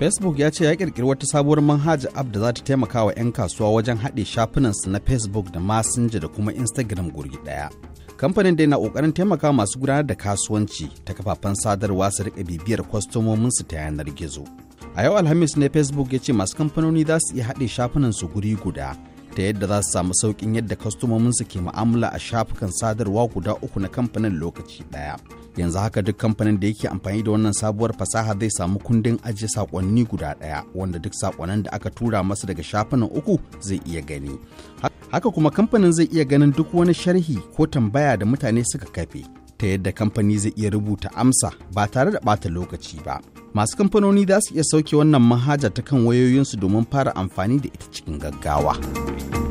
facebook ya ce ya kirkiri wata sabuwar manhaja app da za ta taimaka wa 'yan kasuwa wajen haɗe shafinansu na facebook da messenger da kuma instagram guri ɗaya kamfanin da na ƙoƙarin taimaka masu gudanar da kasuwanci ta kafafen sadarwa su riƙa bibiyar kwastomomin su ta yanar gizo a yau alhamis ne facebook ya ce masu kamfanoni za su iya haɗe shafinansu guri guda ta yadda za su samu sauƙin yadda kwastomominsu ke mu'amala a shafukan sadarwa guda uku na kamfanin lokaci ɗaya. Yanzu haka duk kamfanin da yake amfani da wannan sabuwar fasaha zai samu kundin ajiye saƙonni guda ɗaya wanda duk saƙonnin da aka tura masa daga shafunan uku zai iya gani. Haka kuma kamfanin zai iya ganin duk wani sharhi ko tambaya da mutane suka kafe. ta yadda kamfani zai iya rubuta amsa ba tare da ɓata lokaci ba. Masu kamfanoni za su iya sauke wannan manhaja ta kan wayoyinsu domin fara amfani da ita cikin gaggawa.